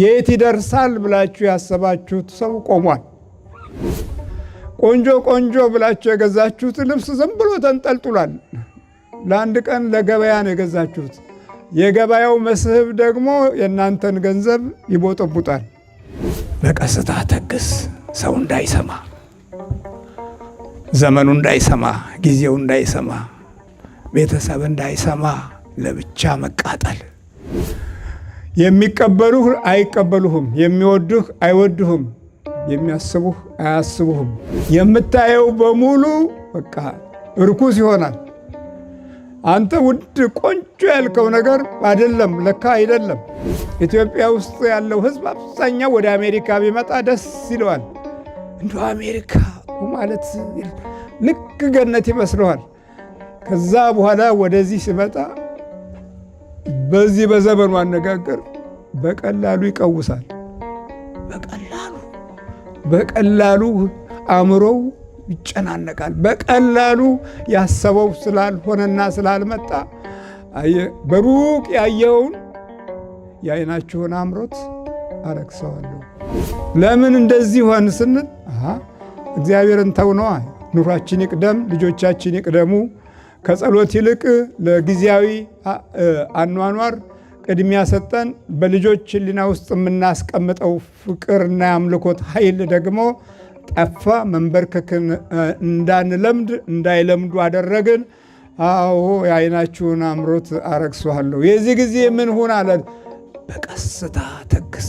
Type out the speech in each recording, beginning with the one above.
የት ይደርሳል ብላችሁ ያሰባችሁት ሰው ቆሟል። ቆንጆ ቆንጆ ብላችሁ የገዛችሁት ልብስ ዝም ብሎ ተንጠልጥሏል። ለአንድ ቀን ለገበያ ነው የገዛችሁት። የገበያው መስህብ ደግሞ የእናንተን ገንዘብ ይቦጠቡጣል። በቀስታ ተግስ፣ ሰው እንዳይሰማ፣ ዘመኑ እንዳይሰማ፣ ጊዜው እንዳይሰማ፣ ቤተሰብ እንዳይሰማ፣ ለብቻ መቃጠል የሚቀበሉህ አይቀበሉህም፣ የሚወዱህ አይወዱህም፣ የሚያስቡህ አያስቡህም። የምታየው በሙሉ በቃ እርኩስ ይሆናል። አንተ ውድ ቆንጆ ያልከው ነገር አይደለም፣ ለካ አይደለም። ኢትዮጵያ ውስጥ ያለው ሕዝብ አብዛኛው ወደ አሜሪካ ቢመጣ ደስ ይለዋል። እንደ አሜሪካ ማለት ልክ ገነት ይመስለዋል። ከዛ በኋላ ወደዚህ ሲመጣ በዚህ በዘመኑ አነጋገር በቀላሉ ይቀውሳል። በቀላሉ በቀላሉ አእምሮው ይጨናነቃል። በቀላሉ ያሰበው ስላልሆነና ስላልመጣ በሩቅ ያየውን የአይናችሁን አምሮት አረክሰዋለሁ። ለምን እንደዚህ ሆን ስንል እግዚአብሔርን ተውነዋ። ኑሯችን ይቅደም፣ ልጆቻችን ይቅደሙ ከጸሎት ይልቅ ለጊዜያዊ አኗኗር ቅድሚያ ሰጠን። በልጆች ሕሊና ውስጥ የምናስቀምጠው ፍቅርና የአምልኮት ኃይል ደግሞ ጠፋ። መንበርከክን እንዳንለምድ እንዳይለምዱ አደረግን። አዎ የአይናችሁን አምሮት አረግሷለሁ። የዚህ ጊዜ ምን ሁን አለ? በቀስታ ተክስ።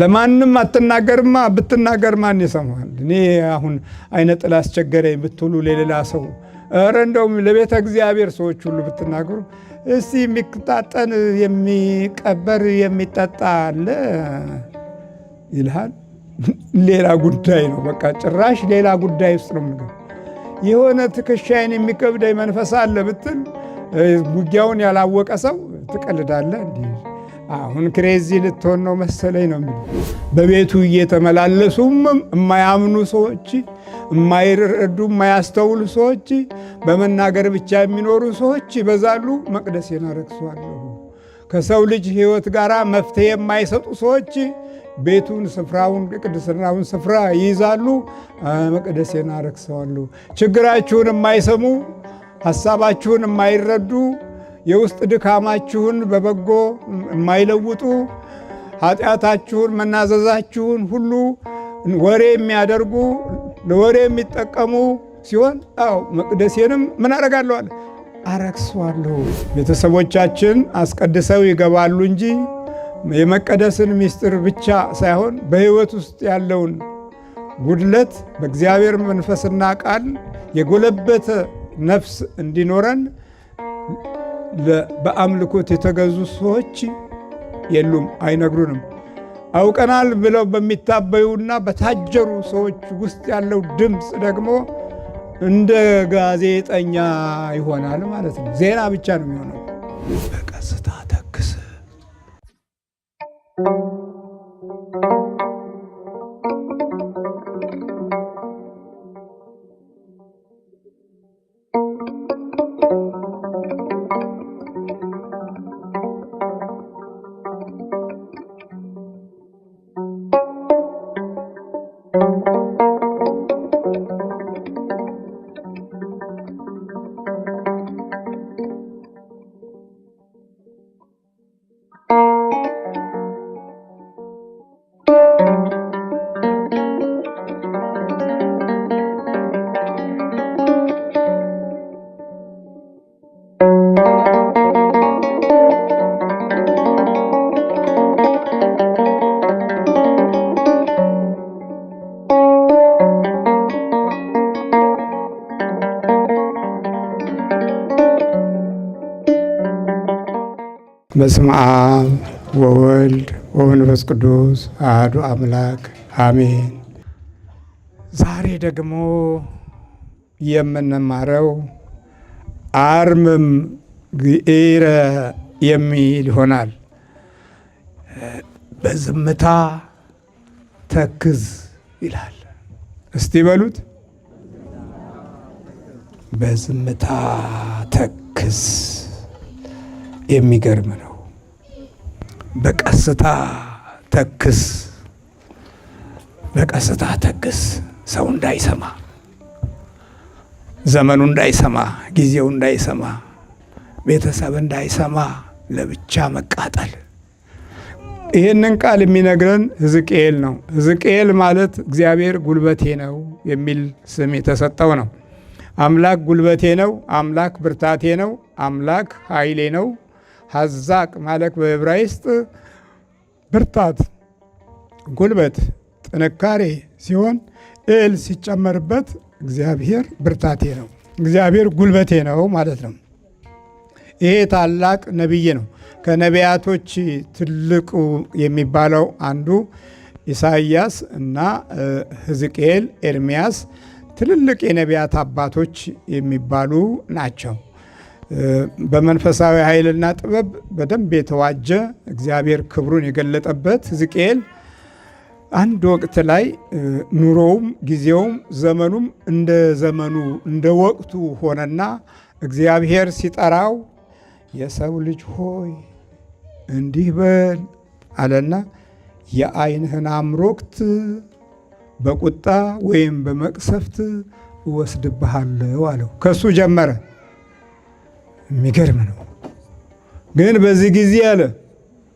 ለማንም አትናገርማ። ብትናገር ማን ይሰማል? እኔ አሁን አይነ ጥላ አስቸገረኝ ብትሉ ለሌላ ሰው እረ እንደውም ለቤተ እግዚአብሔር ሰዎች ሁሉ ብትናገሩ እስቲ የሚጣጠን የሚቀበር የሚጠጣ አለ ይልሃል። ሌላ ጉዳይ ነው። በቃ ጭራሽ ሌላ ጉዳይ ውስጥ ነው የምንገባው። የሆነ ትከሻይን የሚከብደኝ መንፈስ አለ ብትል ውጊያውን ያላወቀ ሰው ትቀልዳለህ አሁን ክሬዚ ልትሆን ነው መሰለኝ ነው የሚሉ በቤቱ እየተመላለሱም የማያምኑ ሰዎች፣ የማይረዱ የማያስተውሉ ሰዎች፣ በመናገር ብቻ የሚኖሩ ሰዎች ይበዛሉ። መቅደሴን አረክሷለሁ። ከሰው ልጅ ሕይወት ጋር መፍትሄ የማይሰጡ ሰዎች ቤቱን ስፍራውን ቅድስናውን ስፍራ ይይዛሉ። መቅደሴን አረክሰዋለሁ። ችግራችሁን የማይሰሙ ሀሳባችሁን የማይረዱ የውስጥ ድካማችሁን በበጎ የማይለውጡ ኃጢአታችሁን፣ መናዘዛችሁን ሁሉ ወሬ የሚያደርጉ ለወሬ የሚጠቀሙ ሲሆን አዎ መቅደሴንም ምን አረጋለዋል አረክሷለሁ። ቤተሰቦቻችን አስቀድሰው ይገባሉ እንጂ የመቀደስን ምስጢር ብቻ ሳይሆን በሕይወት ውስጥ ያለውን ጉድለት በእግዚአብሔር መንፈስና ቃል የጎለበተ ነፍስ እንዲኖረን በአምልኮት የተገዙ ሰዎች የሉም፣ አይነግሩንም። አውቀናል ብለው በሚታበዩና በታጀሩ ሰዎች ውስጥ ያለው ድምፅ ደግሞ እንደ ጋዜጠኛ ይሆናል ማለት ነው። ዜና ብቻ ነው የሚሆነው። በቀስታ ተክስ በስመ አብ ወወልድ ወመንፈስ ቅዱስ አሐዱ አምላክ አሜን። ዛሬ ደግሞ የምንማረው አርምም ግዕረ የሚል ይሆናል። በዝምታ ተክዝ ይላል። እስቲ በሉት፣ በዝምታ ተክዝ። የሚገርም ነው። በቀስታ ተክስ በቀስታ ተክስ፣ ሰው እንዳይሰማ፣ ዘመኑ እንዳይሰማ፣ ጊዜው እንዳይሰማ፣ ቤተሰብ እንዳይሰማ፣ ለብቻ መቃጠል። ይህንን ቃል የሚነግረን ሕዝቅኤል ነው። ሕዝቅኤል ማለት እግዚአብሔር ጉልበቴ ነው የሚል ስም የተሰጠው ነው። አምላክ ጉልበቴ ነው፣ አምላክ ብርታቴ ነው፣ አምላክ ኃይሌ ነው ሀዛቅ ማለት በዕብራይስጥ ብርታት፣ ጉልበት፣ ጥንካሬ ሲሆን እል ሲጨመርበት እግዚአብሔር ብርታቴ ነው፣ እግዚአብሔር ጉልበቴ ነው ማለት ነው። ይሄ ታላቅ ነቢይ ነው። ከነቢያቶች ትልቁ የሚባለው አንዱ ኢሳይያስ እና ሕዝቅኤል፣ ኤርሚያስ ትልልቅ የነቢያት አባቶች የሚባሉ ናቸው። በመንፈሳዊ ኃይልና ጥበብ በደንብ የተዋጀ እግዚአብሔር ክብሩን የገለጠበት ሕዝቅኤል አንድ ወቅት ላይ ኑሮውም ጊዜውም ዘመኑም እንደ ዘመኑ እንደ ወቅቱ ሆነና እግዚአብሔር ሲጠራው የሰው ልጅ ሆይ እንዲህ በል አለና የዓይንህን አምሮክት በቁጣ ወይም በመቅሰፍት እወስድብሃለሁ አለው። ከሱ ጀመረ። የሚገርም ነው። ግን በዚህ ጊዜ አለ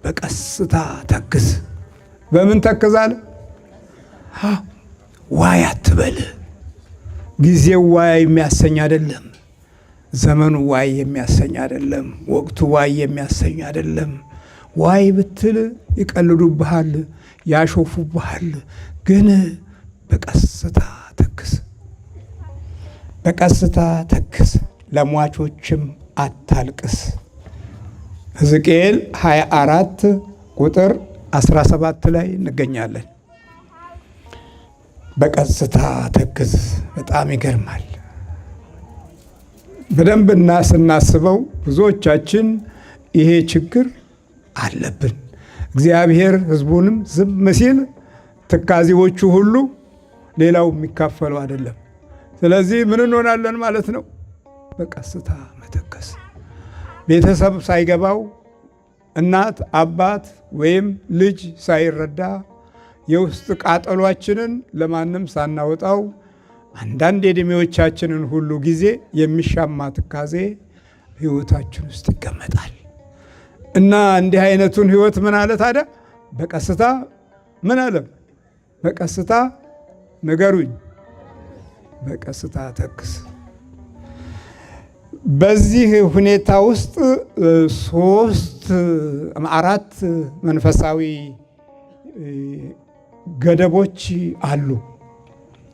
በቀስታ ተክዝ። በምን ተክዝ አለ? ዋይ አትበል። ጊዜው ዋይ የሚያሰኝ አይደለም። ዘመኑ ዋይ የሚያሰኝ አይደለም። ወቅቱ ዋይ የሚያሰኝ አይደለም። ዋይ ብትል ይቀልዱብሃል፣ ያሾፉብሃል። ግን በቀስታ ተክዝ፣ በቀስታ ተክዝ ለሟቾችም አታልቅስ። ሕዝቅኤል 24 ቁጥር 17 ላይ እንገኛለን። በቀስታ ተክዝ። በጣም ይገርማል። እና ስናስበው ብዙዎቻችን ይሄ ችግር አለብን። እግዚአብሔር ህዝቡንም ዝም ሲል ትካዜዎቹ ሁሉ ሌላው የሚካፈለው አይደለም። ስለዚህ ምን እንሆናለን ማለት ነው? በቀስታ አይተከስ። ቤተሰብ ሳይገባው እናት አባት ወይም ልጅ ሳይረዳ የውስጥ ቃጠሏችንን ለማንም ሳናወጣው አንዳንድ የዕድሜዎቻችንን ሁሉ ጊዜ የሚሻማ ትካዜ ሕይወታችን ውስጥ ይቀመጣል እና እንዲህ አይነቱን ሕይወት ምን አለ ታዲያ በቀስታ ምን አለም በቀስታ ንገሩኝ፣ በቀስታ ተክስ በዚህ ሁኔታ ውስጥ ሶስት አራት መንፈሳዊ ገደቦች አሉ።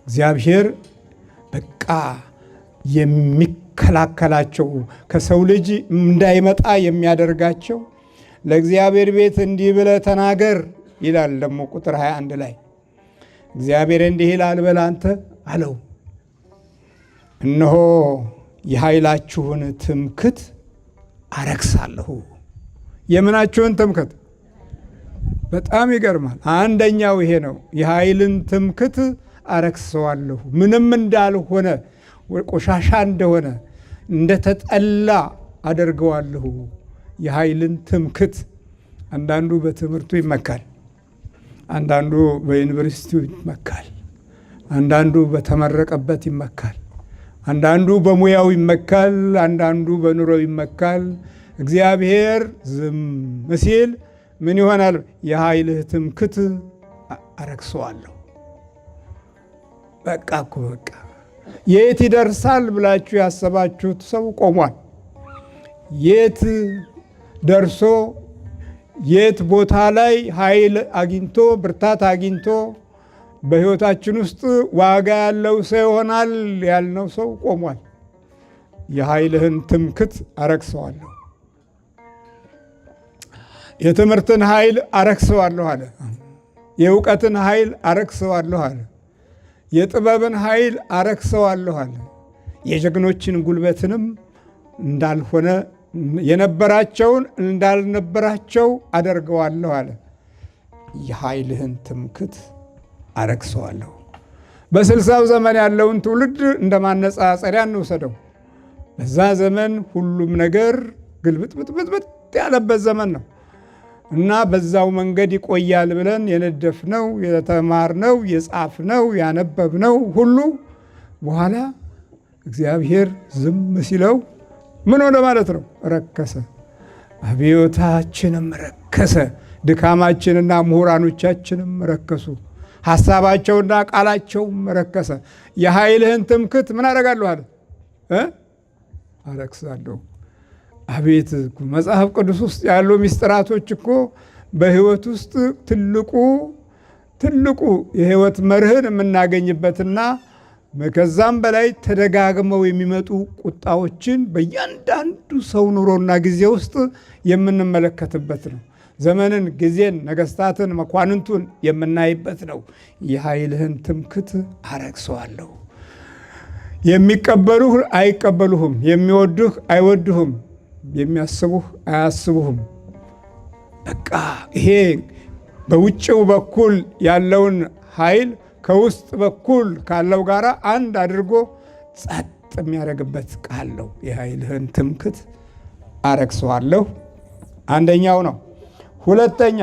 እግዚአብሔር በቃ የሚከላከላቸው ከሰው ልጅ እንዳይመጣ የሚያደርጋቸው ለእግዚአብሔር ቤት እንዲህ ብለህ ተናገር ይላል። ደግሞ ቁጥር 21 ላይ እግዚአብሔር እንዲህ ይላል በላንተ አለው እነሆ የኃይላችሁን ትምክት አረክሳለሁ። የምናችሁን ትምክት በጣም ይገርማል። አንደኛው ይሄ ነው። የኃይልን ትምክት አረክሰዋለሁ። ምንም እንዳልሆነ ቆሻሻ እንደሆነ እንደተጠላ አደርገዋለሁ። የኃይልን ትምክት አንዳንዱ በትምህርቱ ይመካል፣ አንዳንዱ በዩኒቨርሲቲው ይመካል፣ አንዳንዱ በተመረቀበት ይመካል፣ አንዳንዱ በሙያው ይመካል፣ አንዳንዱ በኑሮው ይመካል። እግዚአብሔር ዝም ሲል ምን ይሆናል? የኃይልህ ትምክት አረክሰዋለሁ። በቃ እኮ በቃ የት ይደርሳል ብላችሁ ያሰባችሁት ሰው ቆሟል። የት ደርሶ የት ቦታ ላይ ኃይል አግኝቶ ብርታት አግኝቶ በሕይወታችን ውስጥ ዋጋ ያለው ሰው ይሆናል ያልነው ሰው ቆሟል። የኃይልህን ትምክት አረክሰዋለሁ፣ የትምህርትን ኃይል አረክሰዋለሁ አለ። የእውቀትን ኃይል አረክሰዋለሁ አለ። የጥበብን ኃይል አረክሰዋለሁ አለ። የጀግኖችን ጉልበትንም እንዳልሆነ የነበራቸውን እንዳልነበራቸው አደርገዋለሁ አለ። የኃይልህን ትምክት አረክሰዋለሁ። በስልሳው ዘመን ያለውን ትውልድ እንደ ማነጻጸሪያ እንውሰደው። በዛ ዘመን ሁሉም ነገር ግልብጥብጥብጥብጥ ያለበት ዘመን ነው እና በዛው መንገድ ይቆያል ብለን የነደፍነው የተማርነው የጻፍነው ያነበብነው ሁሉ በኋላ እግዚአብሔር ዝም ሲለው ምን ሆነ ማለት ነው? ረከሰ። አብዮታችንም ረከሰ። ድካማችንና ምሁራኖቻችንም ረከሱ። ሀሳባቸውና ቃላቸው መረከሰ የኃይልህን ትምክት ምን አደርጋለሁ አለ አረክሳለሁ። አቤት መጽሐፍ ቅዱስ ውስጥ ያሉ ሚስጥራቶች እኮ በህይወት ውስጥ ትልቁ ትልቁ የህይወት መርህን የምናገኝበትና ከዛም በላይ ተደጋግመው የሚመጡ ቁጣዎችን በእያንዳንዱ ሰው ኑሮና ጊዜ ውስጥ የምንመለከትበት ነው። ዘመንን፣ ጊዜን፣ ነገስታትን፣ መኳንንቱን የምናይበት ነው። የኃይልህን ትምክት አረግሰዋለሁ። የሚቀበሉህ አይቀበሉህም፣ የሚወዱህ አይወዱህም፣ የሚያስቡህ አያስቡህም። በቃ ይሄ በውጭው በኩል ያለውን ኃይል ከውስጥ በኩል ካለው ጋር አንድ አድርጎ ጸጥ የሚያደርግበት ቃል ነው። የኃይልህን ትምክት አረግሰዋለሁ አንደኛው ነው። ሁለተኛ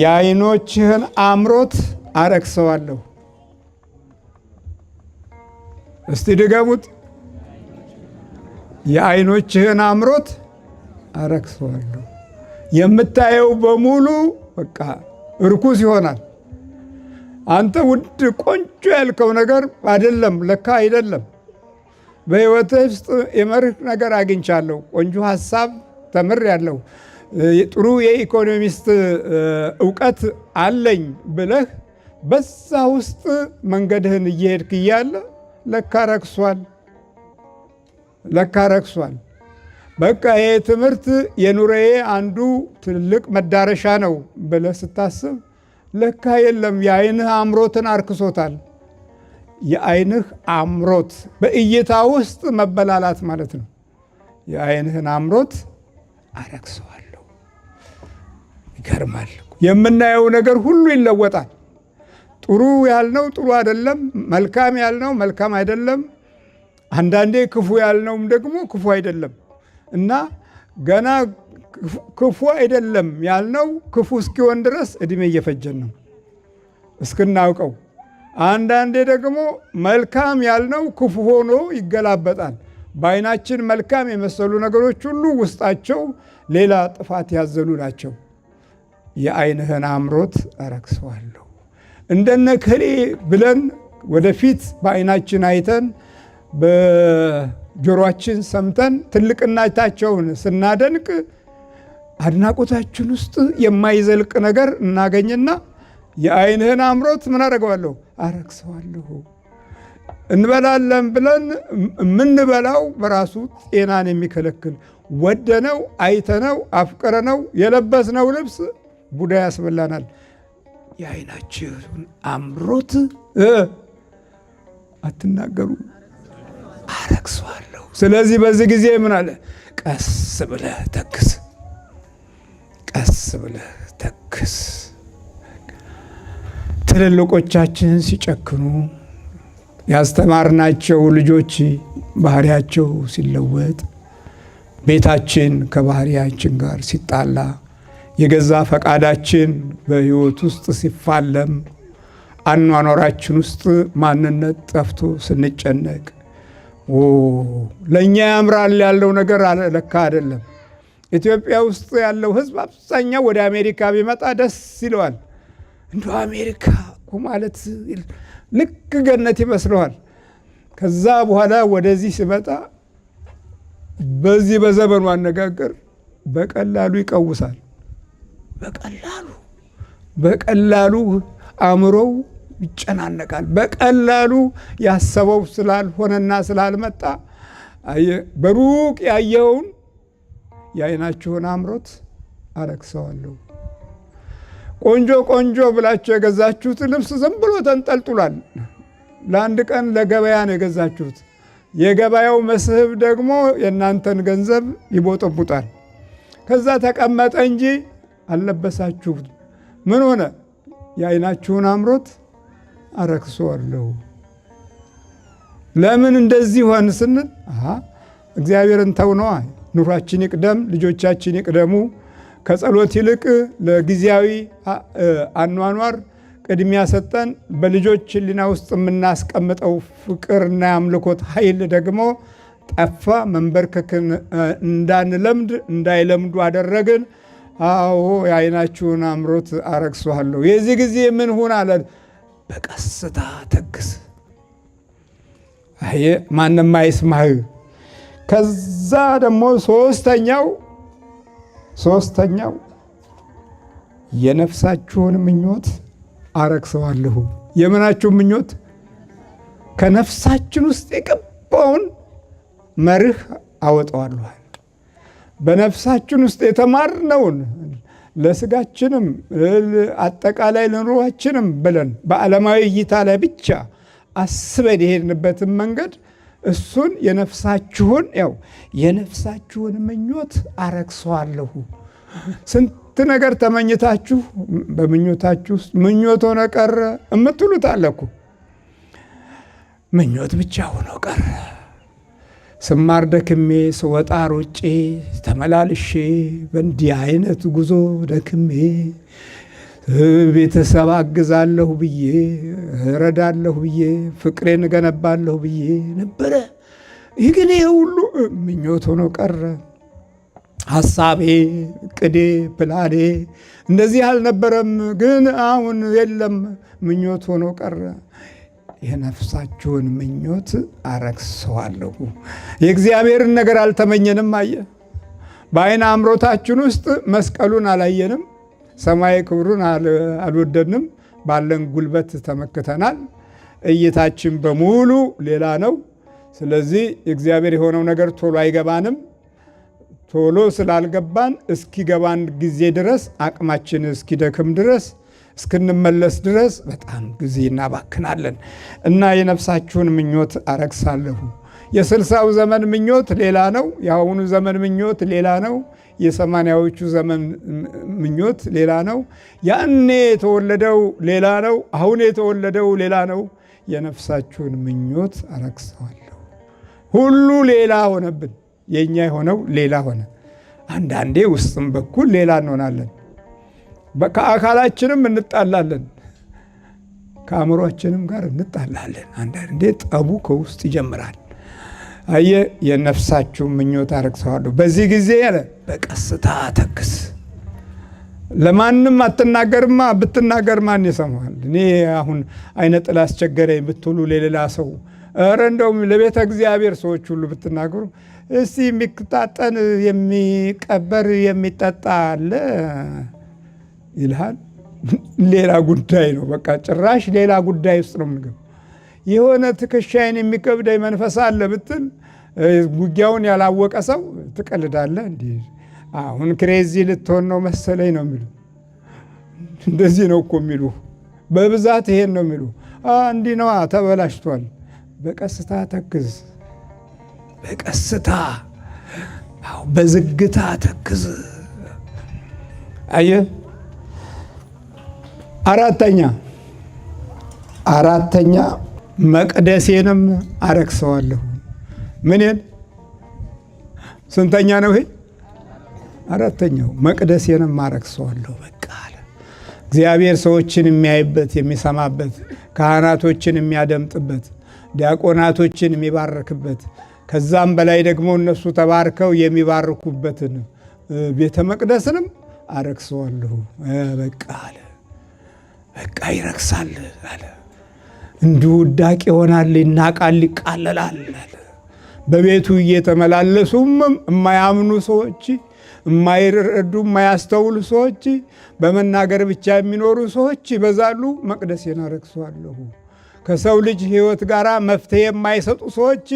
የአይኖችህን አምሮት አረክሰዋለሁ። እስቲ ድገሙት። የአይኖችህን አምሮት አረክሰዋለሁ። የምታየው በሙሉ በቃ እርኩስ ይሆናል። አንተ ውድ ቆንጆ ያልከው ነገር አይደለም፣ ለካ አይደለም። በሕይወትህ ውስጥ የመርህ ነገር አግኝቻለሁ፣ ቆንጆ ሀሳብ ተምር ያለው ጥሩ የኢኮኖሚስት እውቀት አለኝ ብለህ በዛ ውስጥ መንገድህን እየሄድክ እያለ ለካ ረክሷል፣ ለካ ረክሷል። በቃ ይሄ ትምህርት የኑሮዬ አንዱ ትልቅ መዳረሻ ነው ብለህ ስታስብ ለካ የለም፣ የአይንህ አእምሮትን አርክሶታል። የአይንህ አእምሮት በእይታ ውስጥ መበላላት ማለት ነው። የአይንህን አእምሮት አረክሰዋለሁ። ይገርማል። የምናየው ነገር ሁሉ ይለወጣል። ጥሩ ያልነው ጥሩ አይደለም፣ መልካም ያልነው መልካም አይደለም፣ አንዳንዴ ክፉ ያልነውም ደግሞ ክፉ አይደለም እና ገና ክፉ አይደለም ያልነው ክፉ እስኪሆን ድረስ እድሜ እየፈጀን ነው እስክናውቀው። አንዳንዴ ደግሞ መልካም ያልነው ክፉ ሆኖ ይገላበጣል። በአይናችን መልካም የመሰሉ ነገሮች ሁሉ ውስጣቸው ሌላ ጥፋት ያዘሉ ናቸው። የአይንህን አምሮት እረክሰዋለሁ። እንደነ ክሌ ብለን ወደፊት በአይናችን አይተን በጆሮችን ሰምተን ትልቅነታቸውን ስናደንቅ አድናቆታችን ውስጥ የማይዘልቅ ነገር እናገኝና የአይንህን አምሮት ምን አደርገዋለሁ? አረክሰዋለሁ። እንበላለን ብለን የምንበላው በራሱ ጤናን የሚከለክል ወደነው፣ አይተነው፣ አፍቅረነው የለበስነው ልብስ ቡዳ ያስበላናል። የአይናችሁን አምሮት አትናገሩ፣ አረግሷለሁ። ስለዚህ በዚህ ጊዜ ምን አለ? ቀስ ብለህ ተክስ፣ ቀስ ብለህ ተክስ። ትልልቆቻችን ሲጨክኑ ያስተማርናቸው ልጆች ባህሪያቸው ሲለወጥ፣ ቤታችን ከባህሪያችን ጋር ሲጣላ፣ የገዛ ፈቃዳችን በሕይወት ውስጥ ሲፋለም፣ አኗኗራችን ውስጥ ማንነት ጠፍቶ ስንጨነቅ ለእኛ ያምራል ያለው ነገር ለካ አይደለም። ኢትዮጵያ ውስጥ ያለው ሕዝብ አብዛኛው ወደ አሜሪካ ቢመጣ ደስ ይለዋል። እንደ አሜሪካ ማለት ልክ ገነት ይመስለዋል። ከዛ በኋላ ወደዚህ ሲመጣ በዚህ በዘመኑ አነጋገር በቀላሉ ይቀውሳል። በቀላሉ በቀላሉ አእምሮው ይጨናነቃል። በቀላሉ ያሰበው ስላልሆነና ስላልመጣ በሩቅ ያየውን የዓይናችሁን አምሮት አረክሰዋለሁ። ቆንጆ ቆንጆ ብላችሁ የገዛችሁት ልብስ ዝም ብሎ ተንጠልጥሏል። ለአንድ ቀን ለገበያ ነው የገዛችሁት። የገበያው መስህብ ደግሞ የእናንተን ገንዘብ ይቦጠቡጣል። ከዛ ተቀመጠ እንጂ አልለበሳችሁት። ምን ሆነ? የአይናችሁን አምሮት አረክሶአለሁ። ለምን እንደዚህ ሆን ስንል እግዚአብሔርን ተውነዋ ኑሯችን ይቅደም፣ ልጆቻችን ይቅደሙ ከጸሎት ይልቅ ለጊዜያዊ አኗኗር ቅድሚያ ሰጠን። በልጆች ሕሊና ውስጥ የምናስቀምጠው ፍቅርና የአምልኮት ኃይል ደግሞ ጠፋ። መንበርከክን እንዳንለምድ እንዳይለምዱ አደረግን። አዎ የአይናችሁን አምሮት አረግሷለሁ። የዚህ ጊዜ ምን ሁን አለ በቀስታ ተግስ፣ ማንም አይስማህ። ከዛ ደግሞ ሶስተኛው ሶስተኛው የነፍሳችሁን ምኞት አረክሰዋለሁ። የምናችሁን ምኞት ከነፍሳችን ውስጥ የገባውን መርህ አወጣዋለኋል። በነፍሳችን ውስጥ የተማርነውን ለስጋችንም አጠቃላይ ለኑሯችንም ብለን በዓለማዊ እይታ ላይ ብቻ አስበን የሄድንበትን መንገድ እሱን የነፍሳችሁን ያው የነፍሳችሁን ምኞት አረክሰዋለሁ። ስንት ነገር ተመኝታችሁ በምኞታችሁ ውስጥ ምኞት ሆነ ቀረ እምትሉት አለኩ። ምኞት ብቻ ሆኖ ቀረ። ስማር ደክሜ ስወጣ ሮጬ ተመላልሼ በእንዲህ አይነት ጉዞ ደክሜ ቤተሰብ አግዛለሁ ብዬ እረዳለሁ ብዬ ፍቅሬን እገነባለሁ ብዬ ነበረ። ይህ ግን ይህ ሁሉ ምኞት ሆኖ ቀረ። ሀሳቤ፣ ቅዴ፣ ፕላኔ እንደዚህ አልነበረም። ግን አሁን የለም ምኞት ሆኖ ቀረ። የነፍሳችሁን ምኞት አረክሰዋለሁ። የእግዚአብሔርን ነገር አልተመኘንም። አየ በአይን አእምሮታችን ውስጥ መስቀሉን አላየንም። ሰማይ ክብሩን አልወደድንም። ባለን ጉልበት ተመክተናል። እይታችን በሙሉ ሌላ ነው። ስለዚህ እግዚአብሔር የሆነው ነገር ቶሎ አይገባንም። ቶሎ ስላልገባን እስኪገባን ጊዜ ድረስ አቅማችን እስኪደክም ድረስ እስክንመለስ ድረስ በጣም ጊዜ እናባክናለን እና የነፍሳችሁን ምኞት አረግሳለሁ የስልሳው ዘመን ምኞት ሌላ ነው። የአሁኑ ዘመን ምኞት ሌላ ነው። የሰማንያዎቹ ዘመን ምኞት ሌላ ነው። ያኔ የተወለደው ሌላ ነው። አሁን የተወለደው ሌላ ነው። የነፍሳችሁን ምኞት አረክሰዋለሁ። ሁሉ ሌላ ሆነብን። የእኛ የሆነው ሌላ ሆነ። አንዳንዴ ውስጥም በኩል ሌላ እንሆናለን። ከአካላችንም እንጣላለን፣ ከአእምሯችንም ጋር እንጣላለን። አንዳንዴ ጠቡ ከውስጥ ይጀምራል። አየ የነፍሳችሁ ምኞት አረክሰዋለሁ። በዚህ ጊዜ ያለ በቀስታ ተክስ ለማንም አትናገርማ። ብትናገር ማን ይሰማል? እኔ አሁን አይነ ጥላ አስቸገረኝ ብትሉ ለሌላ ሰው እረ እንደውም ለቤተ እግዚአብሔር ሰዎች ሁሉ ብትናገሩ እስቲ የሚታጠን የሚቀበር የሚጠጣ አለ ይልሃል። ሌላ ጉዳይ ነው። በቃ ጭራሽ ሌላ ጉዳይ ውስጥ ነው ምግብ የሆነ ትከሻይን የሚከብደኝ መንፈስ አለ ብትል ውጊያውን ያላወቀ ሰው ትቀልዳለ። እንዲ አሁን ክሬዚ ልትሆን ነው መሰለኝ ነው የሚሉ እንደዚህ ነው እኮ የሚሉ በብዛት ይሄን ነው የሚሉ እንዲህ ነዋ ተበላሽቷል በቀስታ ተክዝ በቀስታ በዝግታ ተክዝ አየ አራተኛ አራተኛ መቅደሴንም አረክሰዋለሁ ምንን ስንተኛ ነው ይሄ? አራተኛው መቅደሴንም አረክሰዋለሁ በቃ አለ። እግዚአብሔር ሰዎችን የሚያይበት የሚሰማበት፣ ካህናቶችን የሚያደምጥበት፣ ዲያቆናቶችን የሚባርክበት ከዛም በላይ ደግሞ እነሱ ተባርከው የሚባርኩበትን ቤተ መቅደስንም አረክሰዋለሁ በቃ አለ። በቃ ይረክሳል አለ። እንዲሁ ውዳቅ ይሆናል፣ ይናቃል፣ ይቃለላል አለ በቤቱ እየተመላለሱም የማያምኑ ሰዎች፣ የማይረዱ የማያስተውሉ ሰዎች፣ በመናገር ብቻ የሚኖሩ ሰዎች ይበዛሉ። መቅደሴን አረክሷለሁ። ከሰው ልጅ ሕይወት ጋር መፍትሄ የማይሰጡ ሰዎች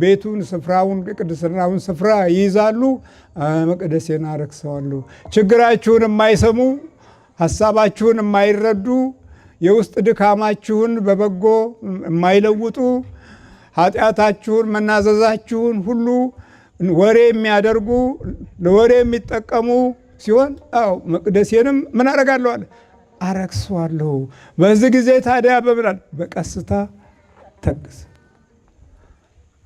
ቤቱን ስፍራውን ቅድስናውን ስፍራ ይይዛሉ። መቅደሴን አረክሰዋለሁ። ችግራችሁን የማይሰሙ ሀሳባችሁን የማይረዱ የውስጥ ድካማችሁን በበጎ የማይለውጡ ኃጢአታችሁን መናዘዛችሁን ሁሉ ወሬ የሚያደርጉ ለወሬ የሚጠቀሙ ሲሆን አዎ መቅደሴንም ምን አረጋለሁ አለ አረክሰዋለሁ። በዚህ ጊዜ ታዲያ በምናል በቀስታ ተግስ፣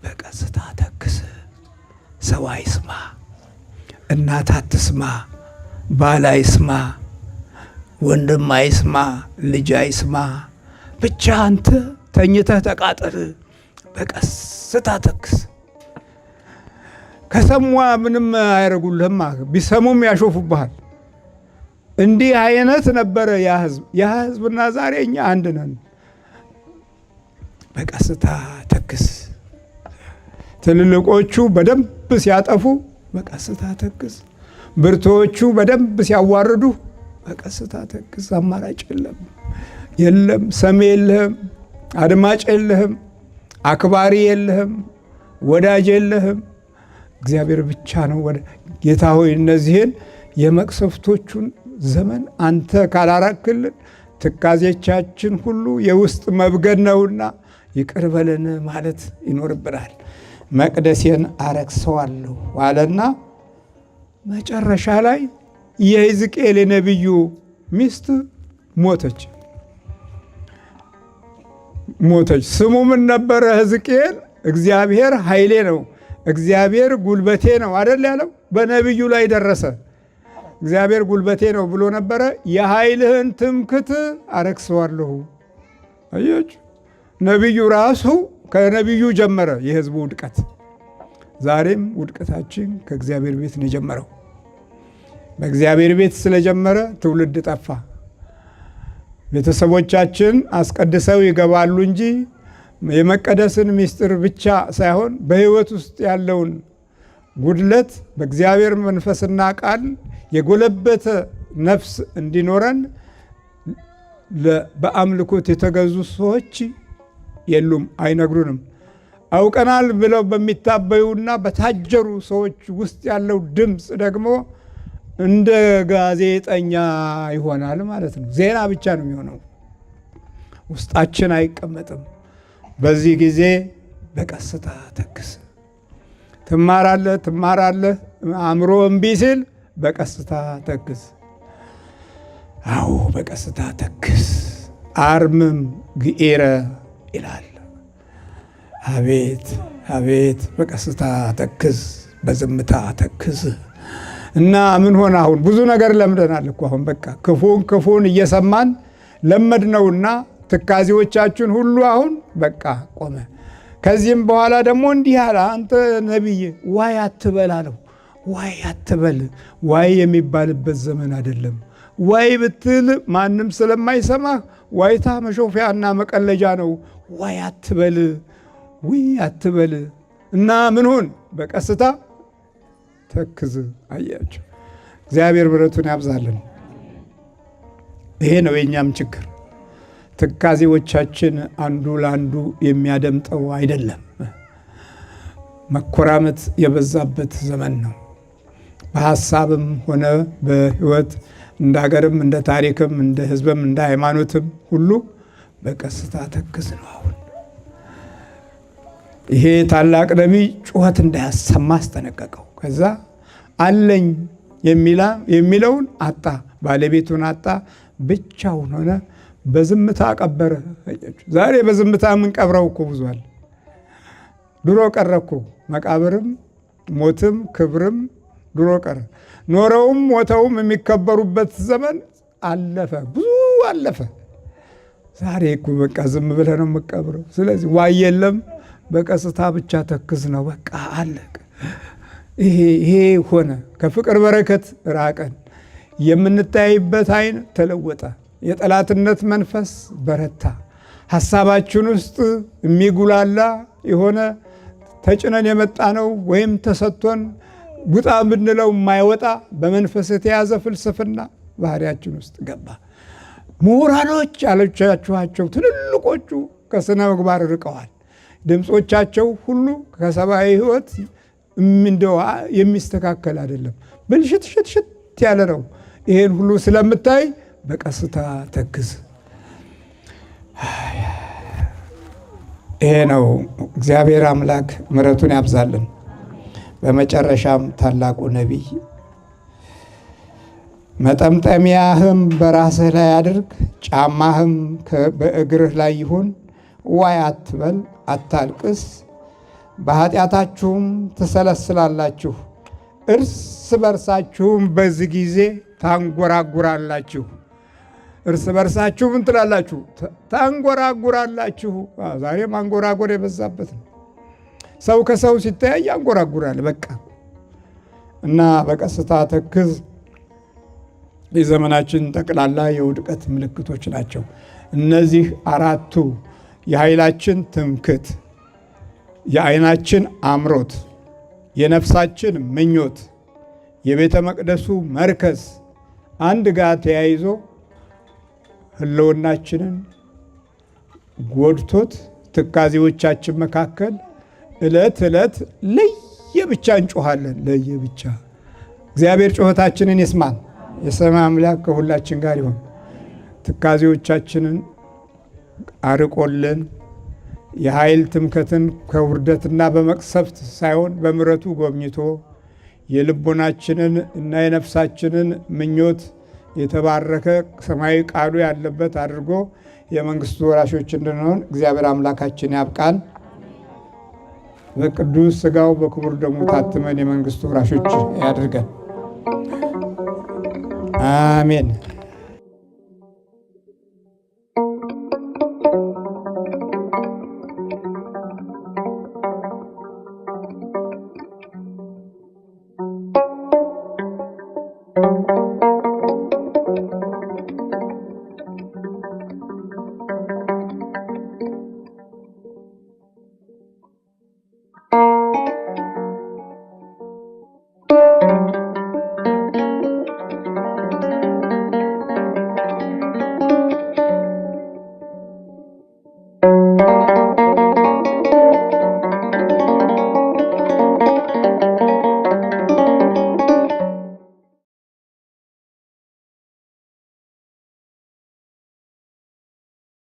በቀስታ ተግስ። ሰው አይስማ፣ እናት አትስማ፣ ባል አይስማ፣ ወንድም አይስማ፣ ልጅ አይስማ። ብቻ አንተ ተኝተህ ተቃጠል። በቀስታ ተክስ። ከሰማ ምንም አያደርጉልህም። ቢሰሙም ያሾፉብሃል። እንዲህ አይነት ነበረ ያ ህዝብ። ያ ህዝብና ዛሬ እኛ አንድ ነን። በቀስታ ተክስ። ትልልቆቹ በደንብ ሲያጠፉ በቀስታ ተክስ። ብርቶቹ በደንብ ሲያዋርዱ በቀስታ ተክስ። አማራጭ የለም የለም። ሰሜ የለህም፣ አድማጭ የለህም። አክባሪ የለህም፣ ወዳጅ የለህም። እግዚአብሔር ብቻ ነው። ጌታ ሆይ እነዚህን የመቅሰፍቶቹን ዘመን አንተ ካላራክልን ትካዜቻችን ሁሉ የውስጥ መብገድ ነውና ይቅርበልን ማለት ይኖርብናል። መቅደሴን አረክሰዋለሁ አለና መጨረሻ ላይ የሕዝቅኤል የነቢዩ ሚስት ሞተች። ሞተች። ስሙ ምን ነበረ? ሕዝቅኤል እግዚአብሔር ኃይሌ ነው፣ እግዚአብሔር ጉልበቴ ነው አደል ያለው። በነቢዩ ላይ ደረሰ። እግዚአብሔር ጉልበቴ ነው ብሎ ነበረ። የኃይልህን ትምክት አረክሰዋለሁ። አያችሁ፣ ነቢዩ ራሱ ከነቢዩ ጀመረ የህዝቡ ውድቀት። ዛሬም ውድቀታችን ከእግዚአብሔር ቤት ነው የጀመረው። በእግዚአብሔር ቤት ስለጀመረ ትውልድ ጠፋ። ቤተሰቦቻችን አስቀድሰው ይገባሉ እንጂ የመቀደስን ምስጢር ብቻ ሳይሆን በሕይወት ውስጥ ያለውን ጉድለት በእግዚአብሔር መንፈስና ቃል የጎለበተ ነፍስ እንዲኖረን በአምልኮት የተገዙ ሰዎች የሉም፣ አይነግሩንም። አውቀናል ብለው በሚታበዩና በታጀሩ ሰዎች ውስጥ ያለው ድምፅ ደግሞ እንደ ጋዜጠኛ ይሆናል ማለት ነው። ዜና ብቻ ነው የሚሆነው፣ ውስጣችን አይቀመጥም። በዚህ ጊዜ በቀስታ ተክስ ትማራለህ ትማራለህ። አእምሮ እምቢ ሲል በቀስታ ተክስ። አዎ በቀስታ ተክስ። አርምም ግኤረ ይላል። አቤት አቤት፣ በቀስታ ተክዝ፣ በዝምታ ተክዝ። እና ምን ሆነ አሁን ብዙ ነገር ለምደናል እኮ አሁን በቃ ክፉን ክፉን እየሰማን ለመድ ነውና ትካዜዎቻችን ሁሉ አሁን በቃ ቆመ። ከዚህም በኋላ ደግሞ እንዲህ አለ፣ አንተ ነቢይ ዋይ አትበል አለው። ዋይ አትበል፣ ዋይ የሚባልበት ዘመን አይደለም። ዋይ ብትል ማንም ስለማይሰማህ ዋይታ መሾፊያና መቀለጃ ነው። ዋይ አትበል፣ ውይ አትበል እና ምን ሁን በቀስታ ተክዝ አያቸው። እግዚአብሔር ብረቱን ያብዛልን። ይሄ ነው የእኛም ችግር። ትካዜዎቻችን አንዱ ለአንዱ የሚያደምጠው አይደለም። መኮራመት የበዛበት ዘመን ነው። በሀሳብም ሆነ በህይወት እንደ ሀገርም እንደ ታሪክም እንደ ህዝብም እንደ ሃይማኖትም ሁሉ በቀስታ ተክዝ ነው። አሁን ይሄ ታላቅ ነቢይ ጩኸት እንዳያሰማ አስጠነቀቀው። ከዛ አለኝ የሚለውን አጣ፣ ባለቤቱን አጣ፣ ብቻውን ሆነ። በዝምታ ቀበረ። ዛሬ በዝምታ የምንቀብረው እኮ ብዙል ድሮ ቀረ እኮ መቃብርም ሞትም ክብርም ድሮ ቀረ። ኖረውም ሞተውም የሚከበሩበት ዘመን አለፈ፣ ብዙ አለፈ። ዛሬ እኮ በቃ ዝም ብለህ ነው የምቀብረው። ስለዚህ ዋይ የለም፣ በቀስታ ብቻ ተክዝ ነው በቃ አለቅ ይሄ ሆነ። ከፍቅር በረከት ራቀን። የምንታይበት አይን ተለወጠ። የጠላትነት መንፈስ በረታ። ሀሳባችን ውስጥ የሚጉላላ የሆነ ተጭነን የመጣ ነው ወይም ተሰጥቶን ውጣ የምንለው የማይወጣ በመንፈስ የተያዘ ፍልስፍና ባህሪያችን ውስጥ ገባ። ምሁራኖች ያለቻችኋቸው ትልልቆቹ ከስነ ምግባር ርቀዋል። ድምፆቻቸው ሁሉ ከሰብአዊ ህይወት እንደ የሚስተካከል አይደለም። ብልሽት ሽት ያለ ነው። ይሄን ሁሉ ስለምታይ በቀስታ ተክዝ ይሄ ነው እግዚአብሔር አምላክ ምሕረቱን ያብዛልን። በመጨረሻም ታላቁ ነቢይ መጠምጠሚያህም በራስህ ላይ አድርግ፣ ጫማህም በእግርህ ላይ ይሁን። ዋይ አትበል፣ አታልቅስ በኃጢአታችሁም ትሰለስላላችሁ፣ እርስ በርሳችሁም በዚህ ጊዜ ታንጎራጉራላችሁ። እርስ በርሳችሁ ምን ትላላችሁ? ታንጎራጉራላችሁ። ዛሬ ማንጎራጎር የበዛበት ነው። ሰው ከሰው ሲተያይ ያንጎራጉራል። በቃ እና በቀስታ ተክዝ የዘመናችን ጠቅላላ የውድቀት ምልክቶች ናቸው እነዚህ አራቱ የኃይላችን ትምክት የዓይናችን አምሮት፣ የነፍሳችን ምኞት፣ የቤተ መቅደሱ መርከስ አንድ ጋር ተያይዞ ህልውናችንን ጎድቶት ትካዜዎቻችን መካከል ዕለት ዕለት ለየብቻ እንጮኋለን። ለየብቻ እግዚአብሔር ጩኸታችንን ይስማል። የሰማ አምላክ ከሁላችን ጋር ይሆን። ትካዜዎቻችንን አርቆልን የኃይል ትምከትን ከውርደትና በመቅሰፍት ሳይሆን በምረቱ ጎብኝቶ የልቦናችንን እና የነፍሳችንን ምኞት የተባረከ ሰማያዊ ቃሉ ያለበት አድርጎ የመንግስቱ ወራሾች እንድንሆን እግዚአብሔር አምላካችን ያብቃን። በቅዱስ ስጋው በክቡር ደሙ ታትመን የመንግስቱ ወራሾች ያድርገን። አሜን።